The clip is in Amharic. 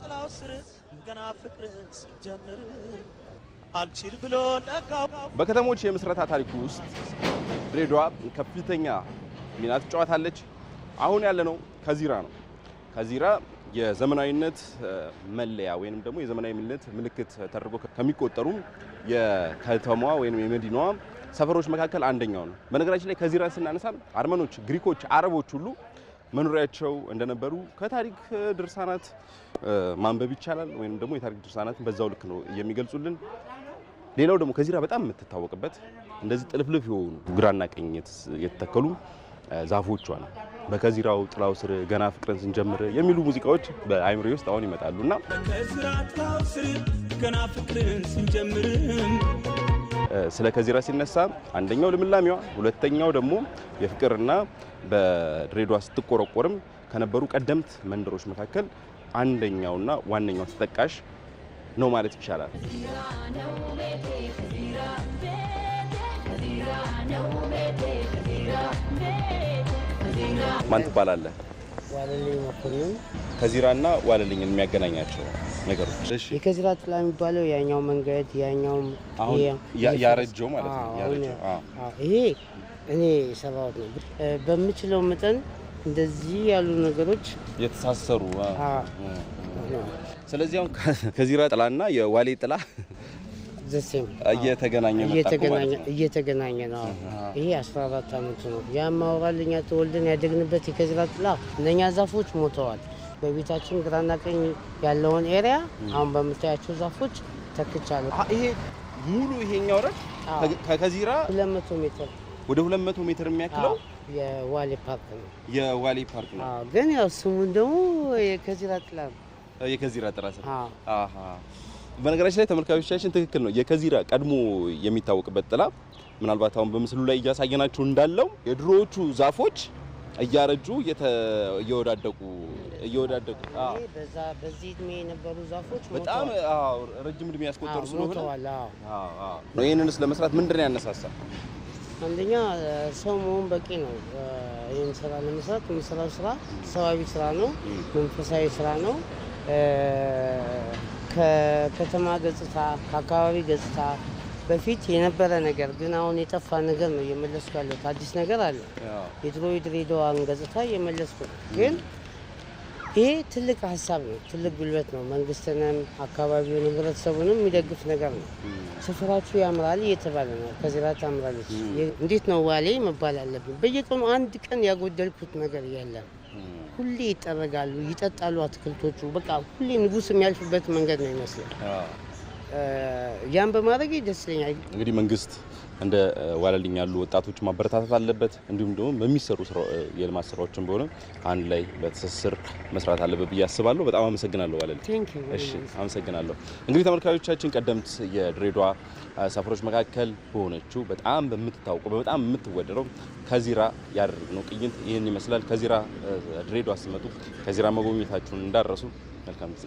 ጥላው ስር ገና ፍቅር አልችል ብሎ በከተሞች የምስረታ ታሪክ ውስጥ ድሬዳዋ ከፍተኛ ሚና ትጫወታለች። አሁን ያለነው ከዚራ ነው። ከዚራ የዘመናዊነት መለያ ወይም ደግሞ የዘመናዊነት ምልክት ተደርጎ ከሚቆጠሩ የከተማዋ ወይም የመዲናዋ ሰፈሮች መካከል አንደኛው ነው። በነገራችን ላይ ከዚራን ስናነሳ አርመኖች፣ ግሪኮች፣ አረቦች ሁሉ መኖሪያቸው እንደነበሩ ከታሪክ ድርሳናት ማንበብ ይቻላል። ወይም ደግሞ የታሪክ ድርሳናትን በዛው ልክ ነው የሚገልጹልን። ሌላው ደግሞ ከዚራ በጣም የምትታወቅበት እንደዚህ ጥልፍልፍ የሆኑ ግራና ቀኝ የተተከሉ ዛፎቿ ነው። በከዚራው ጥላው ስር ገና ፍቅርን ስንጀምር የሚሉ ሙዚቃዎች በአይምሬ ውስጥ አሁን እና በከዚራ ጥላው ስር ገና ፍቅርን ስንጀምር ስለ ከዚራ ሲነሳ አንደኛው ልምላሜዋ፣ ሁለተኛው ደግሞ የፍቅርና በድሬዷ ስትቆረቆርም ከነበሩ ቀደምት መንደሮች መካከል አንደኛውና ዋነኛው ተጠቃሽ ነው ማለት ይቻላል። ማን ትባላለህ? ከዚራና ዋለልኝ የሚያገናኛቸው ነገሮች የከዚራ ጥላ የሚባለው ያኛው መንገድ ያኛው ያረጀው ማለት ነው። ይሄ እኔ የሰራሁት ነው። በምችለው መጠን እንደዚህ ያሉ ነገሮች የተሳሰሩ ስለዚህ አሁን ከዚራ ጥላና የዋሌ ጥላ እየተገናኘ ነው። ይሄ አስራ አራት አመት ነው። ያም ተወልደን ያደግንበት የከዝራ ጥላ እነኛ ዛፎች ሞተዋል። በቤታችን ግራና ቀኝ ያለውን ኤሪያ አሁን በምታያቸው ዛፎች ተክቻለሁ። ይሄ ሙሉ ይሄኛው ረድ ከከዚራ 200 ሜትር ወደ 200 ሜትር የሚያክለው የዋሌ ፓርክ ነው። የዋሌ ፓርክ ነው ግን ያው ስሙን ደግሞ የከዚራ ጥላ ነው። የከዚራ ጥላ ስራ በነገራችን ላይ ተመልካቾቻችን ትክክል ነው። የከዚራ ቀድሞ የሚታወቅበት ጥላ ምናልባት አሁን በምስሉ ላይ እያሳየናችሁ እንዳለው የድሮዎቹ ዛፎች እያረጁ እየወዳደቁ እየወዳደቁ በዚህ እድሜ የነበሩ ዛፎች በጣም ረጅም እድሜ ያስቆጠሩ ስለሆነ ነው። ይህንንስ ለመስራት ምንድን ነው ያነሳሳል? አንደኛ ሰው መሆን በቂ ነው። ይህን ስራ ለመስራት የምንሰራው ስራ ሰዋዊ ስራ ነው፣ መንፈሳዊ ስራ ነው። ከከተማ ገጽታ ከአካባቢ ገጽታ በፊት የነበረ ነገር ግን አሁን የጠፋ ነገር ነው እየመለስኩ ያለሁት። አዲስ ነገር አለ። የድሮ የድሬዳዋን ገጽታ እየመለስኩ ነው። ግን ይሄ ትልቅ ሀሳብ ነው፣ ትልቅ ጉልበት ነው። መንግስትንም አካባቢውን ህብረተሰቡንም የሚደግፍ ነገር ነው። ስፍራቹ ያምራል እየተባለ ነው። ከዚራ ታምራለች። እንዴት ነው ዋሌ መባል አለብን። በየቀኑ አንድ ቀን ያጎደልኩት ነገር የለም። ሁሌ ይጠረጋሉ፣ ይጠጣሉ አትክልቶቹ። በቃ ሁሌ ንጉስ የሚያልፍበት መንገድ ነው ይመስላል። ያን በማድረግ ደስተኛል። እንግዲህ መንግስት እንደ ዋለልኝ ያሉ ወጣቶች ማበረታታት አለበት። እንዲሁም ደግሞ በሚሰሩ የልማት ስራዎችን በሆነ አንድ ላይ በትስስር መስራት አለበት ብዬ አስባለሁ። በጣም አመሰግናለሁ ዋለልኝ። እሺ አመሰግናለሁ። እንግዲህ ተመልካቾቻችን፣ ቀደምት የድሬዷ ሰፈሮች መካከል በሆነችው በጣም በምትታወቀው በጣም የምትወደረው ከዚራ ያደረግነው ቅኝት ይህን ይመስላል። ከዚራ ድሬዷ ሲመጡ ከዚራ መጎብኘታችሁን እንዳረሱ መልካም ጊዜ